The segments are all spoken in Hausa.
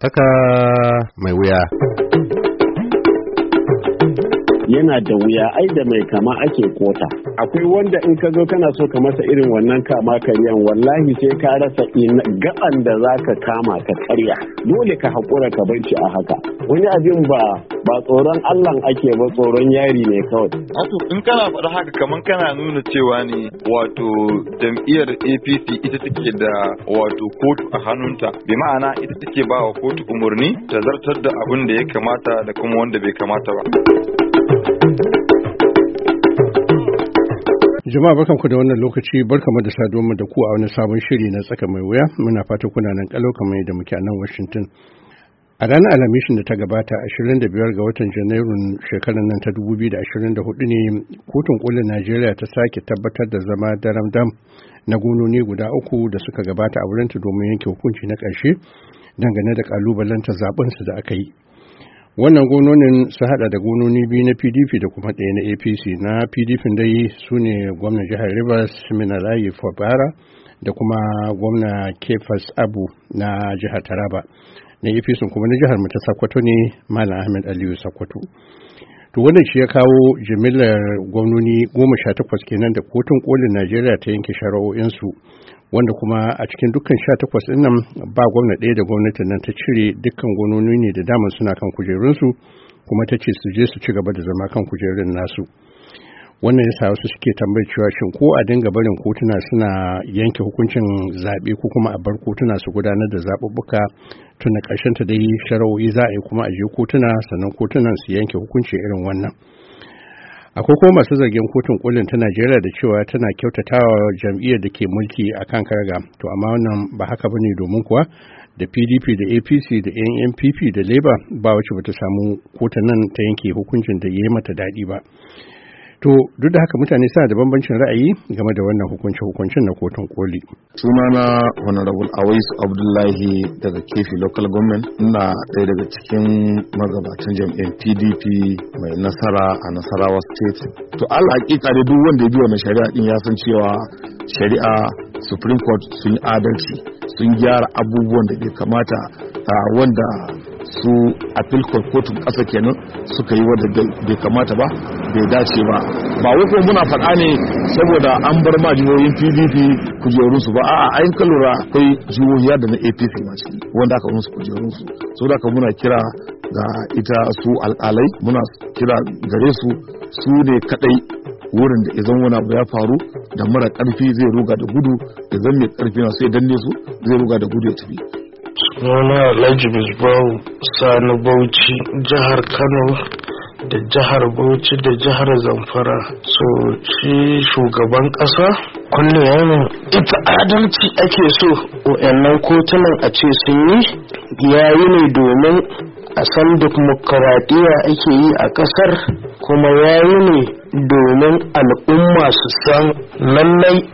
Saka mai wuya. yana da wuya ai da mai kama ake kota akwai wanda in ka zo kana so ka masa irin wannan kama karyan wallahi sai ka rasa gaban da za ka kama ka karya dole ka hakura ka banci a haka wani abin ba ba tsoron Allah ake ba tsoron yari ne kawai wato in kana faɗa haka kamar kana nuna cewa ne wato jam'iyyar APC ita take da wato kotu a hannunta bi ma'ana ita take ba wa kotu umarni ta zartar da abin da ya kamata da kuma wanda bai kamata ba Jama'a ku da wannan lokaci barkamu da saduwa da ku a wani sabon shiri na tsaka mai wuya muna fata kuna nan kalau kamar yadda muke a nan Washington. A ranar Alhamishin da ta gabata 25 ga watan Janairun shekarar nan ta 2024 ne kotun kolin Najeriya ta sake tabbatar da zama daramdam dam na gononi guda uku da suka gabata a wurinta domin yanke hukunci na ƙarshe dangane da ta zaɓensu da aka yi. wannan gononin sun hada da gononi biyu na pdp da kuma ɗaya na apc na pdp dai su ne gwamnan jihar rivers minalayi fabara da kuma gwamna kefas abu na jihar taraba na apc kuma na jihar ta sakwato ne malam ahmed aliyu sakwato to wannan shi ya kawo jimillar gwamnoni goma sha takwas kenan da kotun kolin najeriya ta yanke shara'o'insu. wanda kuma a cikin dukkan takwas ɗin nan ba gwamna ɗaya da gwamnatin nan ta cire dukkan gononi ne da daman suna kan kujerunsu kuma ta ce su je su ci gaba da zama kan kujerun nasu wannan yasa wasu suke tambayar cewa shin ko a dinga barin kotuna suna yanke hukuncin zaɓe ko kuma a bar kotuna su gudanar da zaɓuɓɓuka tun da ƙarshen ta dai sharawoyi za a yi kuma a je kotuna sannan kotunan su yanke hukunci irin wannan akwai kuma masu zargin kotun kolin ta najeriya da cewa tana kyautatawa jam'iyyar da ke mulki a kan karga to amma wannan ba haka bane domin kuwa da pdp da apc da nnpp da labour ba wacce bata samu kotun nan ta yanke hukuncin da ya yi mata daɗi ba to duk da haka mutane suna da bambancin ra'ayi game da wannan hukunce hukuncin na kotun koli sunana honorable awais abdullahi daga kefi local government ina ɗaya daga cikin magabatan jam'iyyar pdp mai nasara a nasarawa state to ala hakika duk wanda ya bi wannan shari'a din ya san cewa shari'a supreme court sun yi adalci sun gyara abubuwan da bai kamata a wanda su appeal court kotun ƙasa kenan suka yi wanda bai kamata ba bai dace ba ba wai muna faɗa ne saboda an bar ma jihohin pdp kujerun su ba a'a ayin kalura akwai jihohi yadda na apc ma ciki wanda aka musu kujerun su so da muna kira ga ita su alƙalai muna kira gare su su ne kadai wurin da idan wani abu ya faru da mara karfi zai ruga da gudu idan mai karfi na sai danne su zai ruga da gudu ya tafi suna alhaji misbahu sani bauchi jihar kano da jihar bauchi da jihar zamfara so shi shugaban ƙasa kulle yana ita adalci ake so wa'annan kotunan a ce sun yi yayi ne domin a san dimokuraɗiyya ake yi a ƙasar kuma yayi ne domin al'umma su san lallai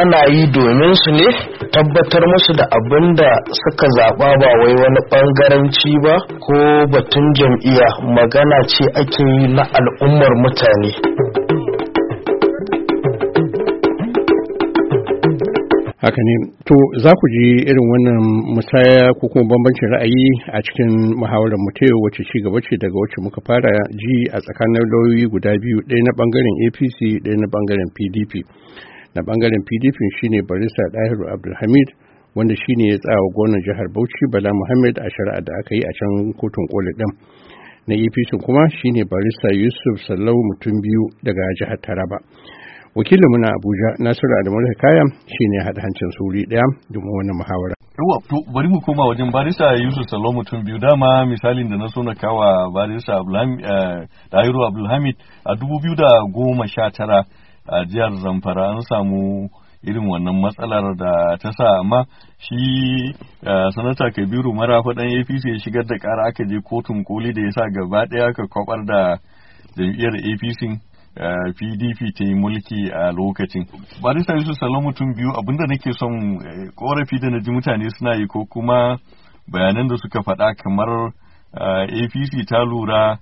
ana yi domin su ne tabbatar musu da abin da suka zaɓa ba wai wani ɓangaranci ba ko batun jam'iyya magana ce ake yi na al'ummar mutane haka ne to za ku ji irin wannan musaya ko kuma bambancin ra'ayi a cikin muhawarar mu wacce ci gaba ce daga wacce muka fara ji a tsakanin lauyoyi guda biyu ɗaya na bangaren apc ɗaya na bangaren pdp na bangaren pdp shine barista dahiru abdulhamid wanda shine ya tsawa gwamnan jihar bauchi bala muhammad a shari'a da aka yi a can kotun koli din na apc e kuma shine barista yusuf sallau mutum biyu daga jihar taraba wakilin na abuja nasiru adamu kaya shine hada hancin suri daya domin wannan muhawara yawa to bari mu koma wajen barista yusuf salo mutum biyu dama misalin da na so na kawa barista eh, da abdulhamid a dubu biyu da goma sha tara a jihar zamfara an samu irin wannan matsalar da ta sa amma shi eh, sanata kabiru marafa dan apc ya shigar da ƙara aka je kotun koli da ya sa gaba ɗaya aka kwabar da jam'iyyar apc pdp eh, ta yi mulki a lokacin barista yusuf salon mutum biyu abinda nake son korafi eh, da na ji mutane suna yi ko kuma bayanan da suka faɗa kamar apc ta lura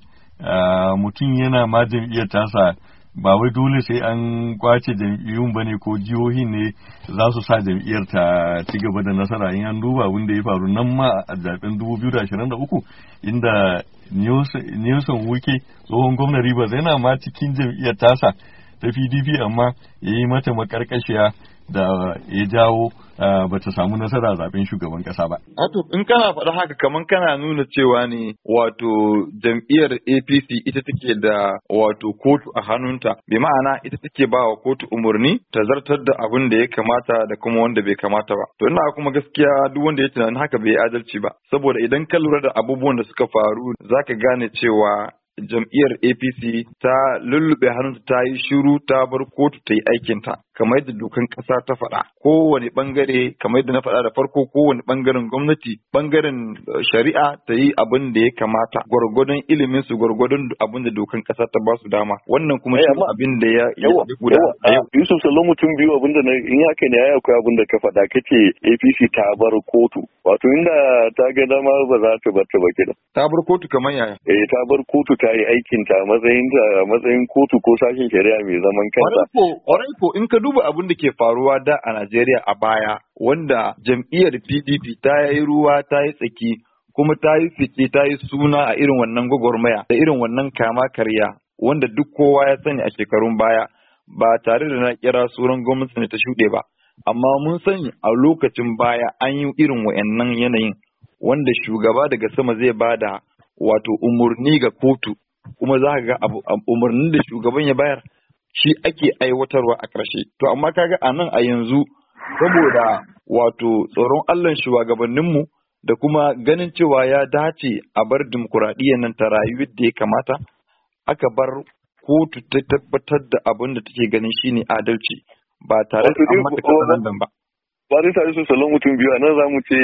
mutum yana ma jam'iyyar tasa ba wai dole sai an kwace jam'iyyun ba ne ko jihohin ne za su sa jam'iyyar ta ci gaba da nasara in an duba wanda ya faru nan ma a zaben 2023 inda Nelson Wuke tsohon gwamnan Rivers yana ma cikin jam'iyyar tasa ta PDP amma ya yi mata makarkashiya da ya jawo eh, ba ta samu nasara a zaben shugaban kasa ba. Wato in kana faɗa haka kamar kana nuna cewa ne wato jam'iyyar APC ita take da wato kotu a hannunta bi ma'ana ita take ba wa kotu umarni ta zartar da abin da ya kamata da kuma wanda bai kamata ba. To ina kuma gaskiya duk wanda ya tunanin haka bai adalci ba saboda idan ka lura da abubuwan da suka faru zaka gane cewa jam'iyyar APC ta lullube hannunta ta yi shiru ta bar kotu ta yi aikinta. kamar yadda dokan ƙasa ta faɗa kowane ɓangare kamar yadda na faɗa da farko kowane ɓangaren gwamnati ɓangaren eh, shari'a ta yi abin da ya kamata gwargwadon ilimin su gwargwadon abin da dokan ƙasa ta ba su dama wannan kuma eh, shi abin da ya yi. Eh, Yusuf Salomu tun biyu abin da in haka ne ya akwai abin da ka faɗa kace APC ta bar kotu wato inda ta ga dama ba za ta bar ta ba kenan ta bar kotu kamar yaya eh ta bar kotu ta yi aikin ta matsayin ta matsayin kotu ko sashin shari'a mai zaman kansa ko in ka duba abin da ke faruwa da a Najeriya a baya wanda jam'iyyar PDP ta yi ruwa ta yi tsaki kuma ta yi fice ta yi suna a irin wannan gwagwarmaya da irin wannan kama karya wanda duk kowa ya sani a shekarun baya ba tare da na kira suran gwamnati ta shuɗe ba amma mun sani a lokacin baya an yi irin wayannan yanayin wanda shugaba daga sama zai bada wato umarni ga kotu kuma za ka ga umarnin da shugaban ya bayar shi ake aiwatarwa a ƙarshe to amma kaga a nan a yanzu saboda wato tsoron Allahn shugabanninmu da kuma ganin cewa ya dace a bar dimokuraɗiyyar nan ta rayu da ya kamata aka bar kotu ta tabbatar da abin da take ganin shine adalci ba tare da an mata kasanan ba. ba zai tare su salon mutum biyu a nan za mu ce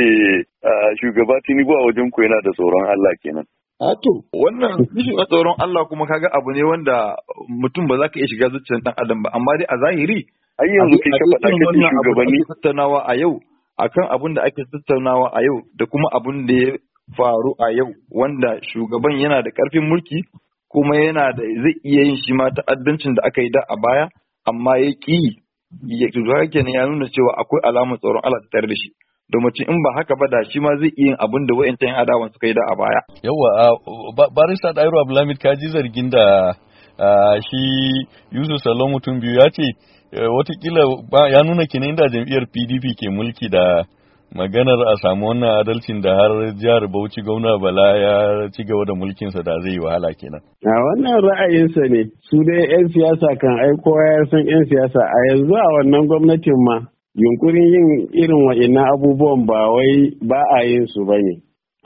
shugaba tinubu a wajen ku yana da tsoron Allah kenan. to wannan rashin tsoron Allah kuma kaga abu ne wanda mutum ba za ka iya shiga zuciyar dan adam ba amma dai a zahiri ai yanzu ke faɗa ka shugabanni tattaunawa a yau akan abin da ake tattaunawa a yau da kuma abin da ya faru a yau wanda shugaban yana da karfin mulki kuma yana da zai iya yin shi ma ta'addancin da aka yi da a baya amma ya ƙi ya kenan ya nuna cewa akwai alamar tsoron Allah tare da shi Da domin in ba haka ba da shi ma zai iya yin abin da wa'in tayin adawan suka yi da a baya. Yawwa barista Dairu Abdulhamid ka ji zargin da shi Yusuf Salon mutum biyu ya ce eh, watakila ya nuna kina inda jam'iyyar PDP ke mulki da maganar a samu wannan adalcin da har jihar Bauchi Gwamna Bala ya ci gaba da mulkinsa da zai yi wahala kenan. A wannan ra'ayinsa ne su dai 'yan siyasa kan aiko ya san 'yan siyasa a yanzu a wannan gwamnatin ma yunkurin yin irin wa'ina abubuwan ba wai ba a yin su ba ne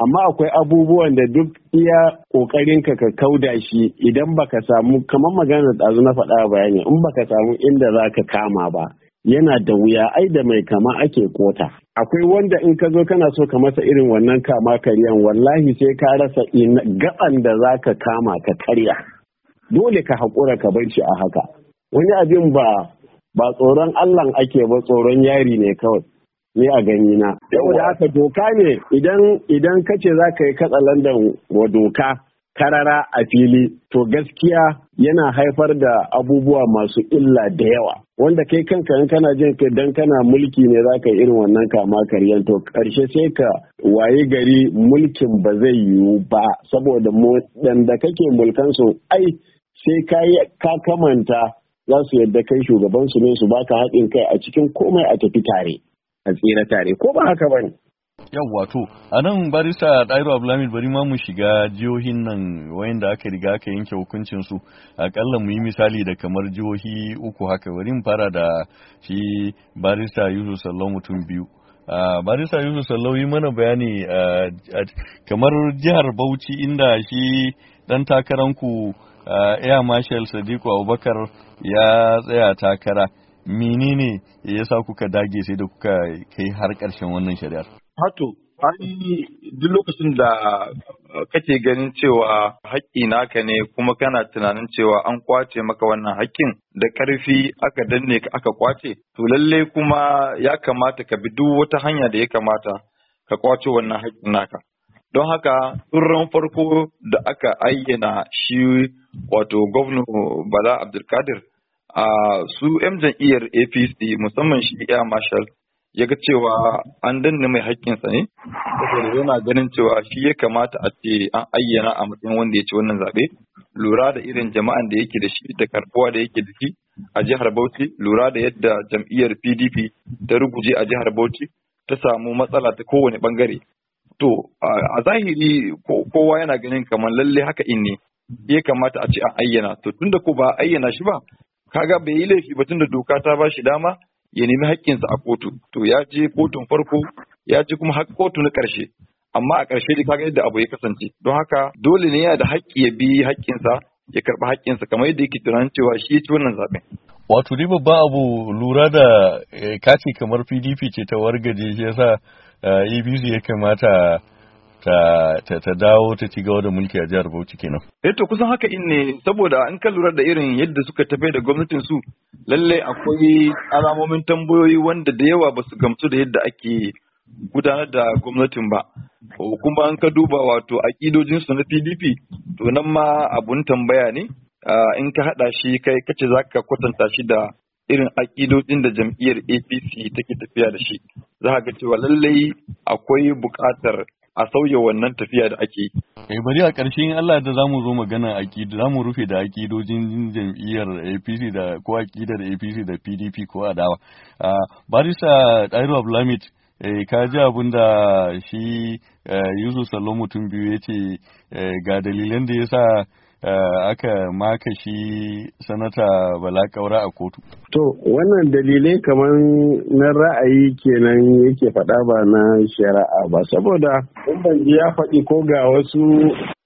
amma akwai abubuwan da duk iya kokarin ka ka kauda shi idan baka samu kamar magana da na faɗa bayani in baka samu inda za ka kama ba yana da wuya ai da mai kama ake kota akwai wanda in ka zo kana so ka masa irin wannan kama karyan wallahi sai ka rasa gaban da za ka kama ka karya dole ka haƙura ka bar shi a haka wani abin ba ba tsoron Allah ake ba tsoron yari ne kawai ne a gani na yau da haka doka ne idan kace za ka yi katsalandan wa doka karara a fili to gaskiya yana haifar da abubuwa masu illa da yawa wanda kai kanka in kana jin ka dan kana mulki ne za ka irin wannan kama karyan to karshe sai ka waye gari mulkin ba zai yiwu ba saboda mu da kake su ai sai ka kamanta za su yadda kai shugaban su ne su baka haɗin kai a cikin komai a tafi tare a tsira tare ko ba haka bane yau wato a nan barista ɗairu abdulhamid bari ma mu shiga jihohin nan wayanda aka riga aka yanke hukuncin su akalla mu yi misali da kamar jihohi uku haka bari mu fara da shi barista yusuf sallau mutum biyu barista yusuf sallau yi mana bayani kamar jihar bauchi inda shi ɗan takaranku Eh, air marshal sadiku abubakar ya tsaya takara menene ya sa kuka dage sai da kuka kai har ƙarshen wannan shari'ar hato ai duk lokacin da kake ganin cewa haƙƙi naka ne kuma kana tunanin cewa an kwace maka wannan haƙƙin da ƙarfi aka danne ka aka kwace to lallai kuma ya kamata ka bi duk wata hanya da ya kamata ka kwace wannan haƙƙin naka don haka turran farko da aka ayyana shi wato gwamna bala abdulkadir a su 'yan jam'iyyar apc musamman shi ya marshal ya ga cewa an danne mai haƙƙinsa ne saboda yana ganin cewa shi ya kamata a ce an ayyana a matsayin wanda ya ci wannan zaɓe lura da irin jama'an da yake da shi da karbuwa da yake da shi a jihar bauchi lura da yadda jam'iyyar pdp ta ruguje a jihar bauchi ta samu matsala ta kowane bangare to a zahiri kowa yana ganin kamar lalle haka in ne ya kamata a ce a ayyana to tunda ko ba ayyana shi ba kaga bai yi laifi ba tunda doka ta ba shi dama ya nemi haƙƙinsa a kotu to ya je kotun farko ya je kuma har kotu na ƙarshe amma a ƙarshe dai kaga yadda abu ya kasance don haka dole ne yana da haƙƙi ya bi haƙƙinsa ya karɓi haƙƙinsa kamar yadda yake tunanin cewa shi ya ci wannan zaben. Wato dai babban abu lura da eh, kace kamar PDP ce ta wargaje shi yasa Eh, abc ya kamata ta, dawo ta ci gaba da mulki a jihar Bauchi kenan. Eh to kusan haka in ne saboda an kan lura da irin yadda suka tafi da gwamnatin su lalle akwai alamomin tambayoyi wanda da yawa ba su gamsu da yadda ake gudanar da gwamnatin ba. Kuma an ka duba wato a su na PDP to nan ma abun tambaya ne ah, in ka haɗa shi kai kace za ka kwatanta shi da irin aƙidodin da jam'iyyar apc take tafiya da shi za ga cewa lallai akwai buƙatar a sauya wannan tafiya da ake yi. Eh, bari a ƙarshen Allah da zamu zo magana akidu zamu rufe da aƙidojin jam'iyyar APC da ko akidar APC da PDP ko adawa. Ah, Barisa Dairu Abdulhamid eh, ka ji abin da shi eh, Yusuf salo mutum biyu ya ce ga dalilan da yasa Eh, aka maka shi sanata bala kaura a kotu to wannan dalilai kamar na ra'ayi kenan yake faɗa ba na shari'a ba saboda in ban ji ya faɗi ko ga wasu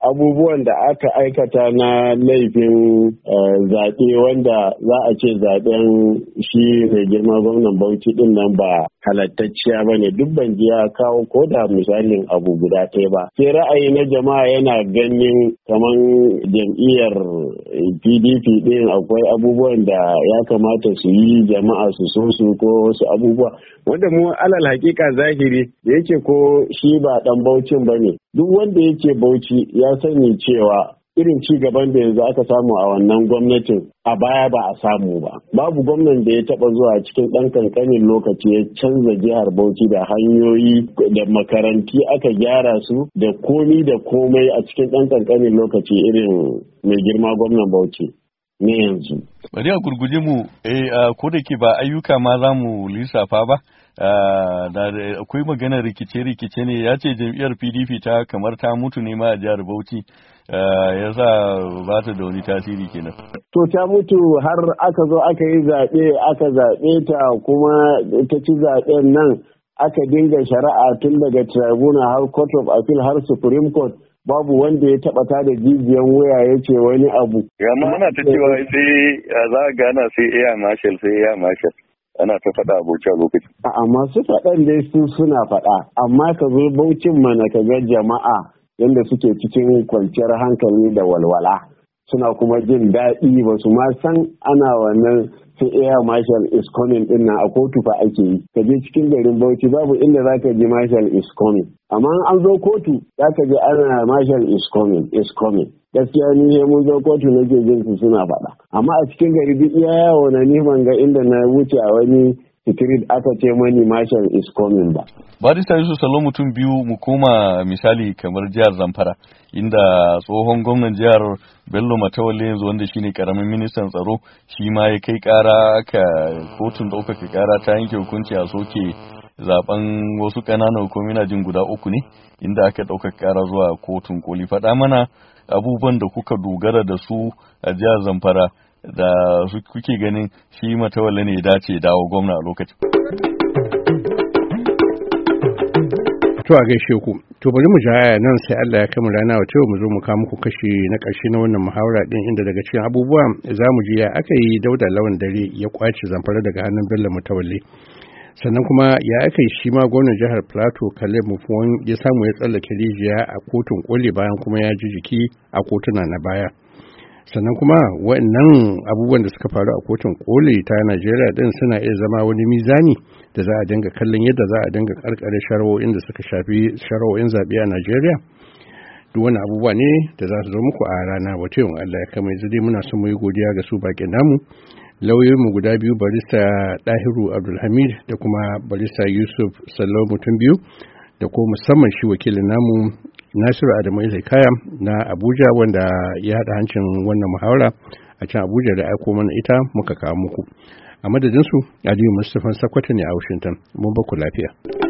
abubuwan da aka aikata na laifin eh, zaɓe wanda za a ce zaɓen shi mai girma gwamnan bauchi din nan ba halattacciya ba ne duk ban ya kawo ko da misalin abu guda ɗaya ba sai ra'ayi na jama'a yana ganin kamar jam'iyyar pdp ɗin akwai abubuwan da ya kamata su yi jama'a su so su ko wasu abubuwa wanda mu alal hakika zahiri da yake ko shi ba ɗan baucin ba ne duk wanda yake bauchi ya sani cewa irin ci gaban da yanzu aka samu a wannan gwamnatin a baya ba a samu ba babu gwamnan da ya taba zuwa cikin ɗan kankanin lokaci ya canza jihar bauchi da hanyoyi da makaranti aka gyara su da komi da komai a cikin ɗan kankanin lokaci irin mai girma gwamnan bauchi ne yanzu bari a gurguje mu eh ko da ke ba ayyuka ma za mu lissafa ba akwai magana rikice-rikice ne ya ce jam'iyyar pdp ta kamar ta mutu ne ma a jihar bauchi Eh, ya sa ba ta da wani tasiri kenan. To ta mutu har aka zo aka yi zaɓe aka zaɓe ta kuma ta ci zaɓen nan aka dinga shari'a tun daga tribuna har court of appeal har supreme court babu wanda ya taba ta da jijiyan waya ya ce wani abu. Amma ana ta cewa sai za a gana sai iya marshal sai iya marshal. ana ta faɗa abokin lokaci. A'a masu faɗan dai su suna faɗa amma ka zo baucin mana ka ga jama'a yadda suke cikin kwanciyar hankali da walwala suna kuma jin daɗi ba su ma san ana wannan sun air marshal is coming din a kotu fa ake yi ka je cikin garin bauchi babu inda za zaka ji marshal is coming amma an zo kotu za zaka ji ana marshal is coming gaskiya ni ne mun zo kotu nake jin su suna faɗa amma a cikin gari duk iya yawo na ni ban ga inda na wuce a wani street aka ce mani marshal is coming ba. Barista Yusuf Salo mutum biyu mu koma misali kamar jihar Zamfara inda tsohon gwamnan jihar Bello Matawalle yanzu wanda shine karamin ministan tsaro shi ma ya kai kara aka kotun ɗaukaka kara ta yanke hukunci a soke zaben wasu ƙananan hukumomi jin guda uku ne inda aka ɗaukaka kara zuwa kotun koli faɗa mana abubuwan da kuka dogara da su a jihar Zamfara da kuke ganin shi matawalla ne ya dace dawo gwamna a lokacin. To a gaishe ku, to bari mu jaya nan sai Allah ya mu rana wa mu zo mu kawo muku kashi na ƙarshe na wannan muhawara din inda daga cikin abubuwa za mu ji ya aka yi dauda lawan dare ya kwace zamfara daga hannun Bello Mutawalle. sannan kuma ya aka yi shi ma gwamnan jihar plateau kaleb mufuwan ya samu ya tsallake rijiya a kotun koli bayan kuma ya ji jiki a kotuna na baya sannan kuma waɗannan abubuwan da suka faru a kotun koli ta najeriya din suna iya zama wani mizani da za a dinga kallon yadda za a dinga karkare shari'o'in da suka shafi shara'o'in zaɓe a najeriya duk wani abubuwa ne da za su zo muku a rana wata yawan allah ya kama yanzu dai muna son mu yi godiya ga su baƙin namu lauyoyinmu guda biyu barista Dahiru abdulhamid da kuma barista yusuf salo mutum biyu da ko musamman shi wakilin namu nasiru adamu kaya na abuja wanda ya haɗa hancin wannan muhawara a can abuja da aiko mana ita muka kawo muku a madadinsu aliyu mustapha sakwata ne a washington mun baku lafiya